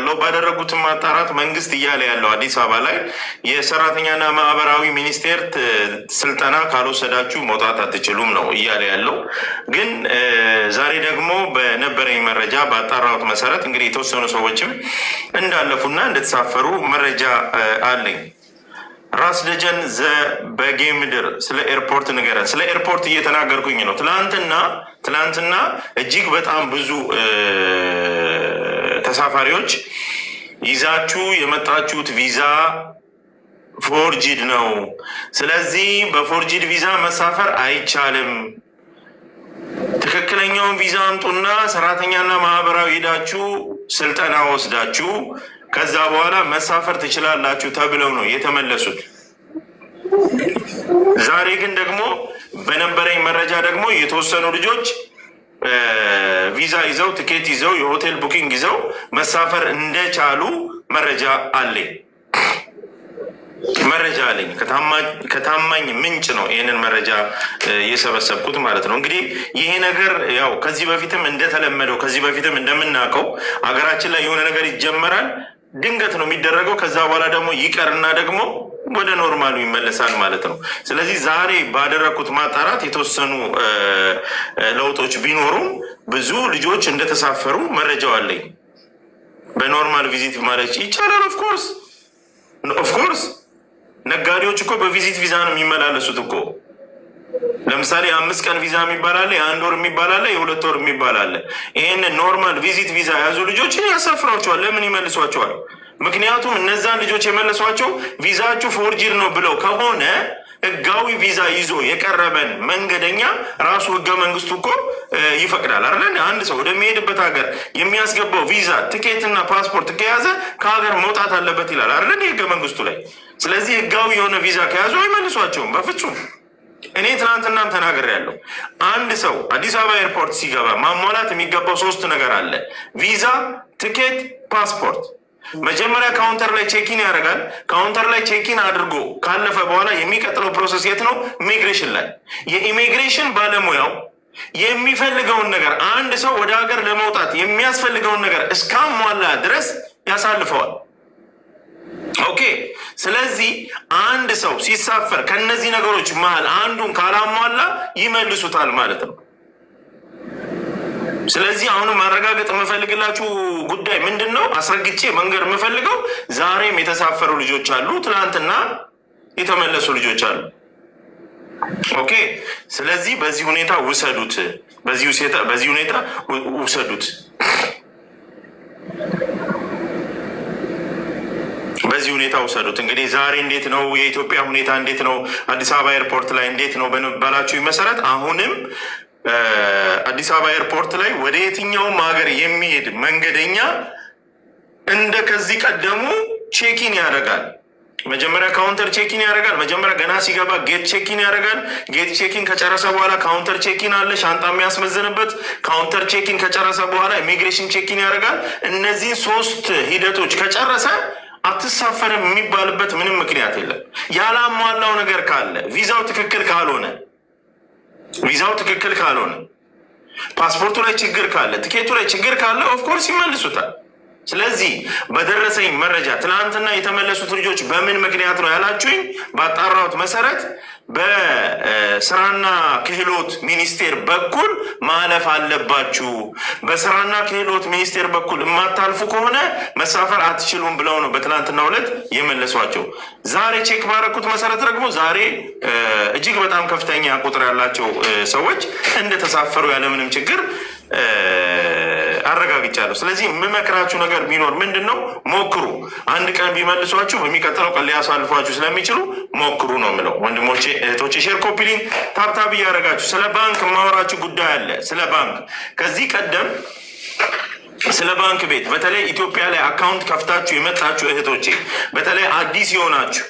ያለው ባደረጉት ማጣራት መንግስት እያለ ያለው አዲስ አበባ ላይ የሰራተኛና ማህበራዊ ሚኒስቴር ስልጠና ካልወሰዳችሁ መውጣት አትችሉም ነው እያለ ያለው። ግን ዛሬ ደግሞ በነበረኝ መረጃ ባጣራሁት መሰረት እንግዲህ የተወሰኑ ሰዎችም እንዳለፉና እንደተሳፈሩ መረጃ አለኝ። ራስ ደጀን በጌ ምድር ስለ ኤርፖርት ንገረን። ስለ ኤርፖርት እየተናገርኩኝ ነው። ትላንትና ትላንትና እጅግ በጣም ብዙ ተሳፋሪዎች ይዛችሁ የመጣችሁት ቪዛ ፎርጂድ ነው። ስለዚህ በፎርጂድ ቪዛ መሳፈር አይቻልም። ትክክለኛውን ቪዛ አምጡና ሰራተኛና ማህበራዊ ሄዳችሁ ስልጠና ወስዳችሁ ከዛ በኋላ መሳፈር ትችላላችሁ ተብለው ነው የተመለሱት። ዛሬ ግን ደግሞ በነበረኝ መረጃ ደግሞ የተወሰኑ ልጆች ቪዛ ይዘው ትኬት ይዘው የሆቴል ቡኪንግ ይዘው መሳፈር እንደቻሉ መረጃ አለኝ መረጃ አለኝ ከታማኝ ምንጭ ነው ይህንን መረጃ የሰበሰብኩት ማለት ነው። እንግዲህ ይሄ ነገር ያው ከዚህ በፊትም እንደተለመደው ከዚህ በፊትም እንደምናውቀው ሀገራችን ላይ የሆነ ነገር ይጀመራል፣ ድንገት ነው የሚደረገው። ከዛ በኋላ ደግሞ ይቀርና ደግሞ ወደ ኖርማሉ ይመለሳል ማለት ነው። ስለዚህ ዛሬ ባደረግኩት ማጣራት የተወሰኑ ለውጦች ቢኖሩም ብዙ ልጆች እንደተሳፈሩ መረጃው አለኝ። በኖርማል ቪዚት ማለት ይቻላል። ኦፍኮርስ ኦፍኮርስ ነጋዴዎች እኮ በቪዚት ቪዛ ነው የሚመላለሱት እኮ ለምሳሌ አምስት ቀን ቪዛ የሚባላለ የአንድ ወር የሚባላለ የሁለት ወር የሚባል ይህን ይህንን ኖርማል ቪዚት ቪዛ የያዙ ልጆችን ያሳፍሯቸዋል። ለምን ይመልሷቸዋል? ምክንያቱም እነዛን ልጆች የመለሷቸው ቪዛችሁ ፎርጅድ ነው ብለው ከሆነ ህጋዊ ቪዛ ይዞ የቀረበን መንገደኛ ራሱ ህገ መንግስቱ እኮ ይፈቅዳል አይደል? አንድ ሰው ወደሚሄድበት ሀገር የሚያስገባው ቪዛ ትኬትና ፓስፖርት ከያዘ ከሀገር መውጣት አለበት ይላል አይደል? የህገ መንግስቱ ላይ። ስለዚህ ህጋዊ የሆነ ቪዛ ከያዙ አይመልሷቸውም በፍጹም። እኔ ትናንትናም ተናገር ያለው አንድ ሰው አዲስ አበባ ኤርፖርት ሲገባ ማሟላት የሚገባው ሶስት ነገር አለ፣ ቪዛ፣ ትኬት፣ ፓስፖርት መጀመሪያ ካውንተር ላይ ቼኪን ያደርጋል። ካውንተር ላይ ቼኪን አድርጎ ካለፈ በኋላ የሚቀጥለው ፕሮሰስ የት ነው? ኢሚግሬሽን ላይ የኢሚግሬሽን ባለሙያው የሚፈልገውን ነገር አንድ ሰው ወደ ሀገር ለመውጣት የሚያስፈልገውን ነገር እስካሟላ ድረስ ያሳልፈዋል። ኦኬ። ስለዚህ አንድ ሰው ሲሳፈር ከነዚህ ነገሮች መሀል አንዱን ካላሟላ ይመልሱታል ማለት ነው። ስለዚህ አሁንም ማረጋገጥ የምፈልግላችሁ ጉዳይ ምንድን ነው? አስረግጬ መንገር የምፈልገው ዛሬም የተሳፈሩ ልጆች አሉ፣ ትናንትና የተመለሱ ልጆች አሉ። ኦኬ። ስለዚህ በዚህ ሁኔታ ውሰዱት፣ በዚህ ሁኔታ ውሰዱት፣ በዚህ ሁኔታ ውሰዱት። እንግዲህ ዛሬ እንዴት ነው የኢትዮጵያ ሁኔታ እንዴት ነው አዲስ አበባ ኤርፖርት ላይ እንዴት ነው በንባላችሁ መሰረት አሁንም አዲስ አበባ ኤርፖርት ላይ ወደ የትኛውም ሀገር የሚሄድ መንገደኛ እንደ ከዚህ ቀደሙ ቼኪን ያደርጋል። መጀመሪያ ካውንተር ቼኪን ያደርጋል። መጀመሪያ ገና ሲገባ ጌት ቼኪን ያደርጋል። ጌት ቼኪን ከጨረሰ በኋላ ካውንተር ቼኪን አለ፣ ሻንጣ የሚያስመዝንበት። ካውንተር ቼኪን ከጨረሰ በኋላ ኢሚግሬሽን ቼኪን ያደርጋል። እነዚህን ሶስት ሂደቶች ከጨረሰ አትሳፈርም የሚባልበት ምንም ምክንያት የለም። ያላሟላው ነገር ካለ ቪዛው ትክክል ካልሆነ ቪዛው ትክክል ካልሆነ ፓስፖርቱ ላይ ችግር ካለ፣ ትኬቱ ላይ ችግር ካለ ኦፍኮርስ ይመልሱታል። ስለዚህ በደረሰኝ መረጃ ትናንትና የተመለሱት ልጆች በምን ምክንያት ነው ያላችሁኝ፣ ባጣራሁት መሰረት በስራና ክህሎት ሚኒስቴር በኩል ማለፍ አለባችሁ። በስራና ክህሎት ሚኒስቴር በኩል የማታልፉ ከሆነ መሳፈር አትችሉም ብለው ነው በትናንትና ዕለት የመለሷቸው። ዛሬ ቼክ ባረኩት መሰረት ደግሞ ዛሬ እጅግ በጣም ከፍተኛ ቁጥር ያላቸው ሰዎች እንደተሳፈሩ ያለምንም ችግር አረጋግጫለሁ። ስለዚህ የምመክራችሁ ነገር ቢኖር ምንድን ነው ሞክሩ። አንድ ቀን ቢመልሷችሁ በሚቀጥለው ቀን ሊያሳልፏችሁ ስለሚችሉ ሞክሩ ነው የምለው። ወንድሞቼ እህቶቼ፣ ሼር ኮፒሊን ታብታብ እያደረጋችሁ ስለ ባንክ የማወራችሁ ጉዳይ አለ። ስለ ባንክ ከዚህ ቀደም ስለ ባንክ ቤት በተለይ ኢትዮጵያ ላይ አካውንት ከፍታችሁ የመጣችሁ እህቶቼ፣ በተለይ አዲስ የሆናችሁ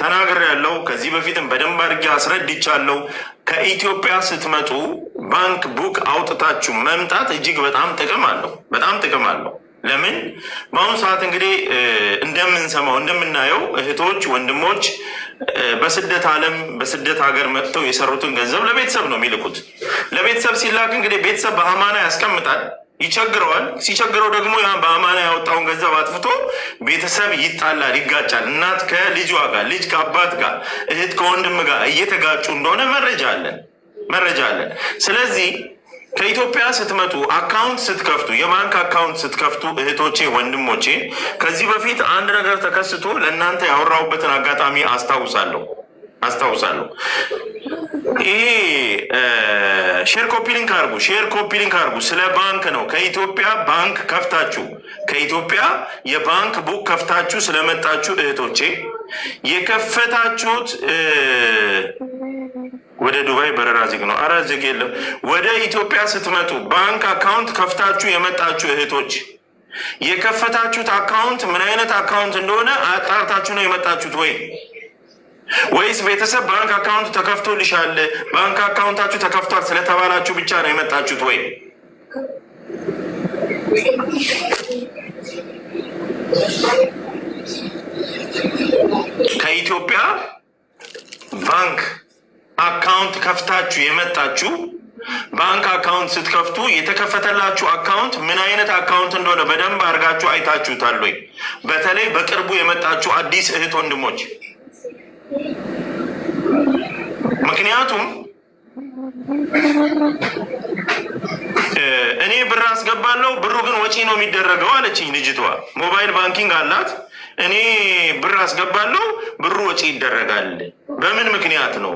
ተናግር ያለው ከዚህ በፊትም በደንብ አድርጌ አስረድቻለሁ። ከኢትዮጵያ ስትመጡ ባንክ ቡክ አውጥታችሁ መምጣት እጅግ በጣም ጥቅም አለው። በጣም ጥቅም አለው። ለምን በአሁኑ ሰዓት እንግዲህ እንደምንሰማው እንደምናየው እህቶች፣ ወንድሞች በስደት ዓለም በስደት ሀገር መጥተው የሰሩትን ገንዘብ ለቤተሰብ ነው የሚልኩት። ለቤተሰብ ሲላክ እንግዲህ ቤተሰብ በአማና ያስቀምጣል ይቸግረዋል። ሲቸግረው ደግሞ በአማና ያወጣውን ገንዘብ አጥፍቶ ቤተሰብ ይጣላል፣ ይጋጫል። እናት ከልጇ ጋር፣ ልጅ ከአባት ጋር፣ እህት ከወንድም ጋር እየተጋጩ እንደሆነ መረጃ አለን መረጃ አለን። ስለዚህ ከኢትዮጵያ ስትመጡ አካውንት ስትከፍቱ የባንክ አካውንት ስትከፍቱ እህቶቼ ወንድሞቼ፣ ከዚህ በፊት አንድ ነገር ተከስቶ ለእናንተ ያወራሁበትን አጋጣሚ አስታውሳለሁ አስታውሳለሁ ይሄ ሼር ኮፒ ሊንክ አርጉ፣ ሼር ኮፒ ሊንክ አርጉ። ስለ ባንክ ነው። ከኢትዮጵያ ባንክ ከፍታችሁ ከኢትዮጵያ የባንክ ቡክ ከፍታችሁ ስለመጣችሁ እህቶቼ የከፈታችሁት ወደ ዱባይ በረራ ዝግ ነው። አረ ዝግ የለም። ወደ ኢትዮጵያ ስትመጡ ባንክ አካውንት ከፍታችሁ የመጣችሁ እህቶች የከፈታችሁት አካውንት ምን አይነት አካውንት እንደሆነ አጣርታችሁ ነው የመጣችሁት ወይ ወይስ ቤተሰብ ባንክ አካውንት ተከፍቶልሻል፣ ባንክ አካውንታችሁ ተከፍቷል ስለተባላችሁ ብቻ ነው የመጣችሁት? ወይ ከኢትዮጵያ ባንክ አካውንት ከፍታችሁ የመጣችሁ? ባንክ አካውንት ስትከፍቱ የተከፈተላችሁ አካውንት ምን አይነት አካውንት እንደሆነ በደንብ አድርጋችሁ አይታችሁታል ወይ? በተለይ በቅርቡ የመጣችሁ አዲስ እህት ወንድሞች ምክንያቱም እኔ ብር አስገባለሁ ብሩ ግን ወጪ ነው የሚደረገው አለችኝ ልጅቷ። ሞባይል ባንኪንግ አላት። እኔ ብር አስገባለሁ ብሩ ወጪ ይደረጋል። በምን ምክንያት ነው?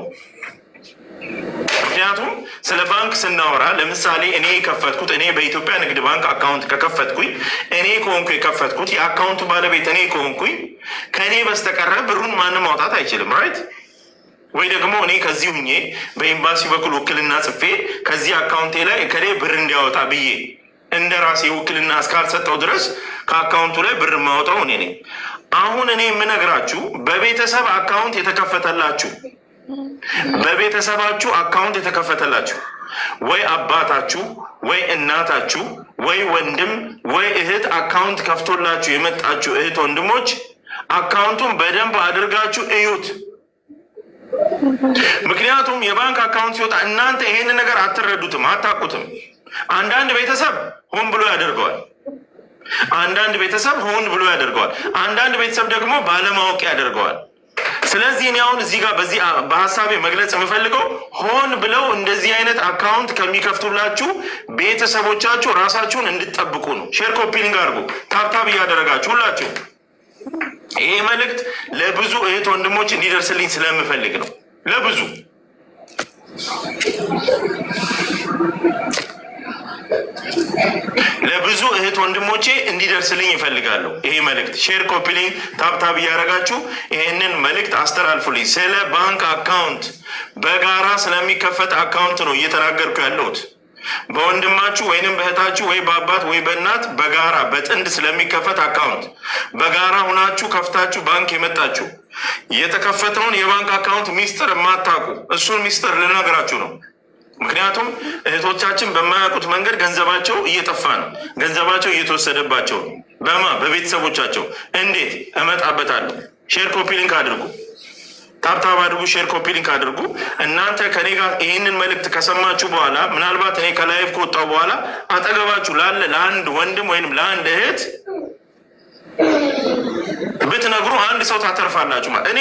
ምክንያቱም ስለ ባንክ ስናወራ ለምሳሌ እኔ የከፈትኩት እኔ በኢትዮጵያ ንግድ ባንክ አካውንት ከከፈትኩኝ እኔ ከሆንኩ የከፈትኩት የአካውንቱ ባለቤት እኔ ከሆንኩኝ ከእኔ በስተቀረ ብሩን ማንም ማውጣት አይችልም። ራይት ወይ ደግሞ እኔ ከዚህ ሁኜ በኤምባሲ በኩል ውክልና ጽፌ ከዚህ አካውንቴ ላይ ከሌ ብር እንዲያወጣ ብዬ እንደ ራሴ ውክልና እስካልሰጠው ድረስ ከአካውንቱ ላይ ብር የማወጣው እኔ ነኝ። አሁን እኔ የምነግራችሁ በቤተሰብ አካውንት የተከፈተላችሁ በቤተሰባችሁ አካውንት የተከፈተላችሁ ወይ አባታችሁ ወይ እናታችሁ ወይ ወንድም ወይ እህት አካውንት ከፍቶላችሁ የመጣችሁ እህት ወንድሞች አካውንቱን በደንብ አድርጋችሁ እዩት። ምክንያቱም የባንክ አካውንት ሲወጣ እናንተ ይሄን ነገር አትረዱትም፣ አታውቁትም። አንዳንድ ቤተሰብ ሆን ብሎ ያደርገዋል። አንዳንድ ቤተሰብ ሆን ብሎ ያደርገዋል። አንዳንድ ቤተሰብ ደግሞ ባለማወቅ ያደርገዋል። ስለዚህ እኔ አሁን እዚህ ጋር በዚህ በሀሳቤ መግለጽ የምፈልገው ሆን ብለው እንደዚህ አይነት አካውንት ከሚከፍቱላችሁ ቤተሰቦቻችሁ ራሳችሁን እንድጠብቁ ነው። ሼር ኮፒሊንግ አድርጉ፣ ታብታብ እያደረጋችሁ ሁላችሁ። ይሄ መልእክት ለብዙ እህት ወንድሞች እንዲደርስልኝ ስለምፈልግ ነው። ለብዙ ለብዙ እህት ወንድሞቼ እንዲደርስልኝ ይፈልጋለሁ። ይሄ መልእክት ሼር፣ ኮፒሊንግ፣ ታብታብ እያደረጋችሁ ይህንን መልእክት አስተላልፉልኝ። ስለ ባንክ አካውንት በጋራ ስለሚከፈት አካውንት ነው እየተናገርኩ ያለሁት። በወንድማችሁ ወይንም በእህታችሁ ወይ በአባት ወይ በእናት በጋራ በጥንድ ስለሚከፈት አካውንት በጋራ ሁናችሁ ከፍታችሁ ባንክ የመጣችሁ የተከፈተውን የባንክ አካውንት ሚስጥር የማታውቁ እሱን ሚስጥር ልነግራችሁ ነው። ምክንያቱም እህቶቻችን በማያውቁት መንገድ ገንዘባቸው እየጠፋ ነው። ገንዘባቸው እየተወሰደባቸው በማ በቤተሰቦቻቸው እንዴት እመጣበታለሁ። ሼር ኮፒ ሊንክ አድርጉ፣ ታብታብ አድርጉ፣ ሼር ኮፒ ሊንክ አድርጉ። እናንተ ከኔ ጋር ይህንን መልእክት ከሰማችሁ በኋላ ምናልባት እኔ ከላይቭ ከወጣሁ በኋላ አጠገባችሁ ላለ ለአንድ ወንድም ወይም ለአንድ እህት ብትነግሩ አንድ ሰው ታተርፋላችሁ። እኔ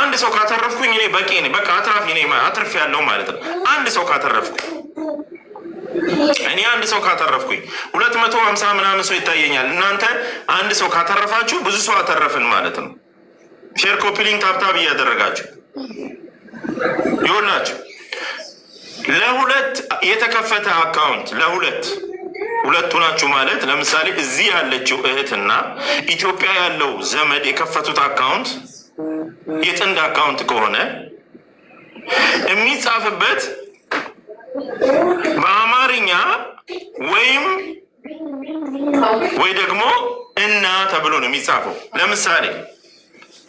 አንድ ሰው ካተረፍኩኝ እኔ በቂ ነኝ። በቃ አትራፊ ነኝ፣ አትርፍ ያለው ማለት ነው። አንድ ሰው ካተረፍኩኝ እኔ አንድ ሰው ካተረፍኩኝ ሁለት መቶ ሀምሳ ምናምን ሰው ይታየኛል። እናንተ አንድ ሰው ካተረፋችሁ ብዙ ሰው አተረፍን ማለት ነው። ሼር ኮፒሊንግ ታብታብ እያደረጋችሁ ይሆናችሁ። ለሁለት የተከፈተ አካውንት ለሁለት ሁለቱ ናችሁ ማለት ለምሳሌ እዚህ ያለችው እህትና ኢትዮጵያ ያለው ዘመድ የከፈቱት አካውንት የጥንድ አካውንት ከሆነ የሚጻፍበት በአማርኛ ወይም ወይ ደግሞ እና ተብሎ ነው የሚጻፈው። ለምሳሌ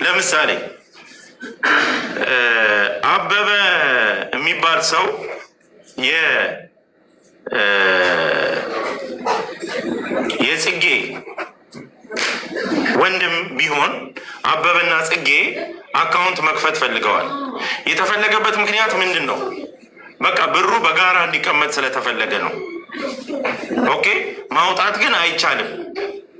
ለምሳሌ አበበ የሚባል ሰው የጽጌ ወንድም ቢሆን አበበና ጽጌ አካውንት መክፈት ፈልገዋል። የተፈለገበት ምክንያት ምንድን ነው? በቃ ብሩ በጋራ እንዲቀመጥ ስለተፈለገ ነው። ኦኬ ማውጣት ግን አይቻልም።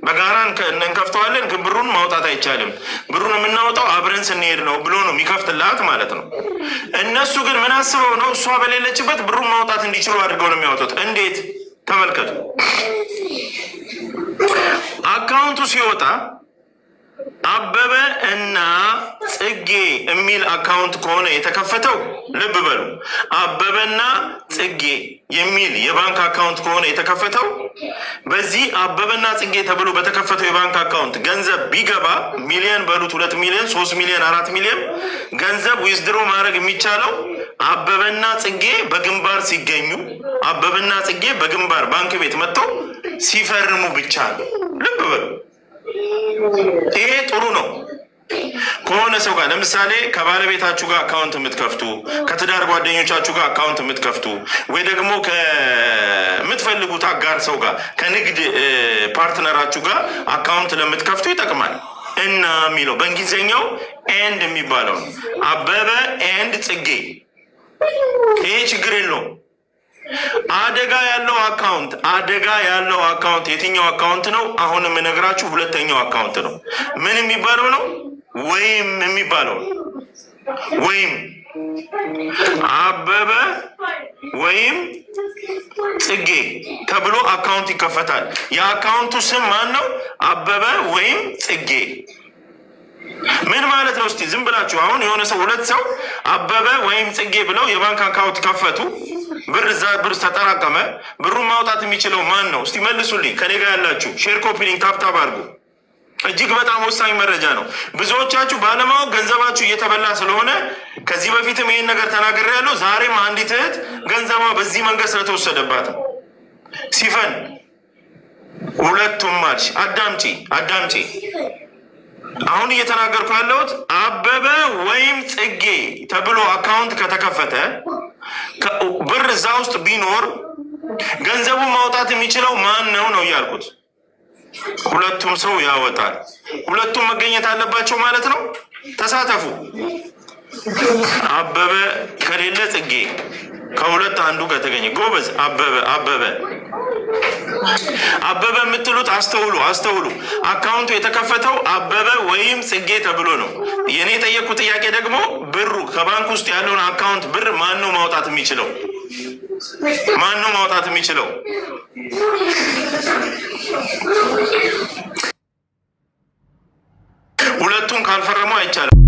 በጋራ እንከፍተዋለን፣ ግን ብሩን ማውጣት አይቻልም። ብሩን የምናወጣው አብረን ስንሄድ ነው ብሎ ነው የሚከፍትላት ማለት ነው። እነሱ ግን ምን አስበው ነው እሷ በሌለችበት ብሩን ማውጣት እንዲችሉ አድርገው ነው የሚያወጡት። እንዴት? ተመልከቱ። አካውንቱ ሲወጣ አበበ እና ጽጌ የሚል አካውንት ከሆነ የተከፈተው ልብ በሉ። አበበና ጽጌ የሚል የባንክ አካውንት ከሆነ የተከፈተው በዚህ አበበና ጽጌ ተብሎ በተከፈተው የባንክ አካውንት ገንዘብ ቢገባ ሚሊዮን በሉት፣ ሁለት ሚሊዮን፣ ሶስት ሚሊዮን፣ አራት ሚሊዮን ገንዘብ ዊዝድሮ ማድረግ የሚቻለው አበበና ጽጌ በግንባር ሲገኙ፣ አበበና ጽጌ በግንባር ባንክ ቤት መጥተው ሲፈርሙ ብቻ ነው። ልብ በሉ። ይሄ ጥሩ ነው። ከሆነ ሰው ጋር ለምሳሌ ከባለቤታችሁ ጋር አካውንት የምትከፍቱ ከትዳር ጓደኞቻችሁ ጋር አካውንት የምትከፍቱ ወይ ደግሞ ከምትፈልጉት አጋር ሰው ጋር ከንግድ ፓርትነራችሁ ጋር አካውንት ለምትከፍቱ ይጠቅማል እና የሚለው በእንግሊዝኛው ኤንድ የሚባለው አበበ ኤንድ ጽጌ ይሄ ችግር የለውም። አደጋ ያለው አካውንት አደጋ ያለው አካውንት የትኛው አካውንት ነው? አሁን የምነግራችሁ ሁለተኛው አካውንት ነው። ምን የሚባለው ነው? ወይም የሚባለው ወይም አበበ ወይም ጽጌ ተብሎ አካውንት ይከፈታል። የአካውንቱ ስም ማን ነው? አበበ ወይም ጽጌ ምን ማለት ነው? እስቲ ዝም ብላችሁ አሁን የሆነ ሰው ሁለት ሰው አበበ ወይም ጽጌ ብለው የባንክ አካውንት ከፈቱ፣ ብር እዛ ብር ተጠራቀመ። ብሩን ማውጣት የሚችለው ማን ነው? እስቲ መልሱልኝ። ከኔ ጋር ያላችሁ ሼር ኮፒኒንግ ታብታብ አድርጉ። እጅግ በጣም ወሳኝ መረጃ ነው። ብዙዎቻችሁ ባለማወቅ ገንዘባችሁ እየተበላ ስለሆነ ከዚህ በፊትም ይህን ነገር ተናግሬ ያለው ዛሬም አንዲት እህት ገንዘቧ በዚህ መንገድ ስለተወሰደባት ሲፈን ሁለቱም ማልሽ አዳምጪ አዳምጪ አሁን እየተናገርኩ ያለሁት አበበ ወይም ጽጌ ተብሎ አካውንት ከተከፈተ ብር እዛ ውስጥ ቢኖር ገንዘቡን ማውጣት የሚችለው ማን ነው ነው እያልኩት። ሁለቱም ሰው ያወጣል። ሁለቱም መገኘት አለባቸው ማለት ነው። ተሳተፉ። አበበ ከሌለ ጽጌ፣ ከሁለት አንዱ ከተገኘ ጎበዝ። አበበ አበበ አበበ የምትሉት አስተውሉ፣ አስተውሉ። አካውንቱ የተከፈተው አበበ ወይም ጽጌ ተብሎ ነው። የእኔ የጠየቁ ጥያቄ ደግሞ ብሩ ከባንክ ውስጥ ያለውን አካውንት ብር ማን ነው ማውጣት የሚችለው? ማን ነው ማውጣት የሚችለው? ሁለቱን ካልፈረሙ አይቻልም።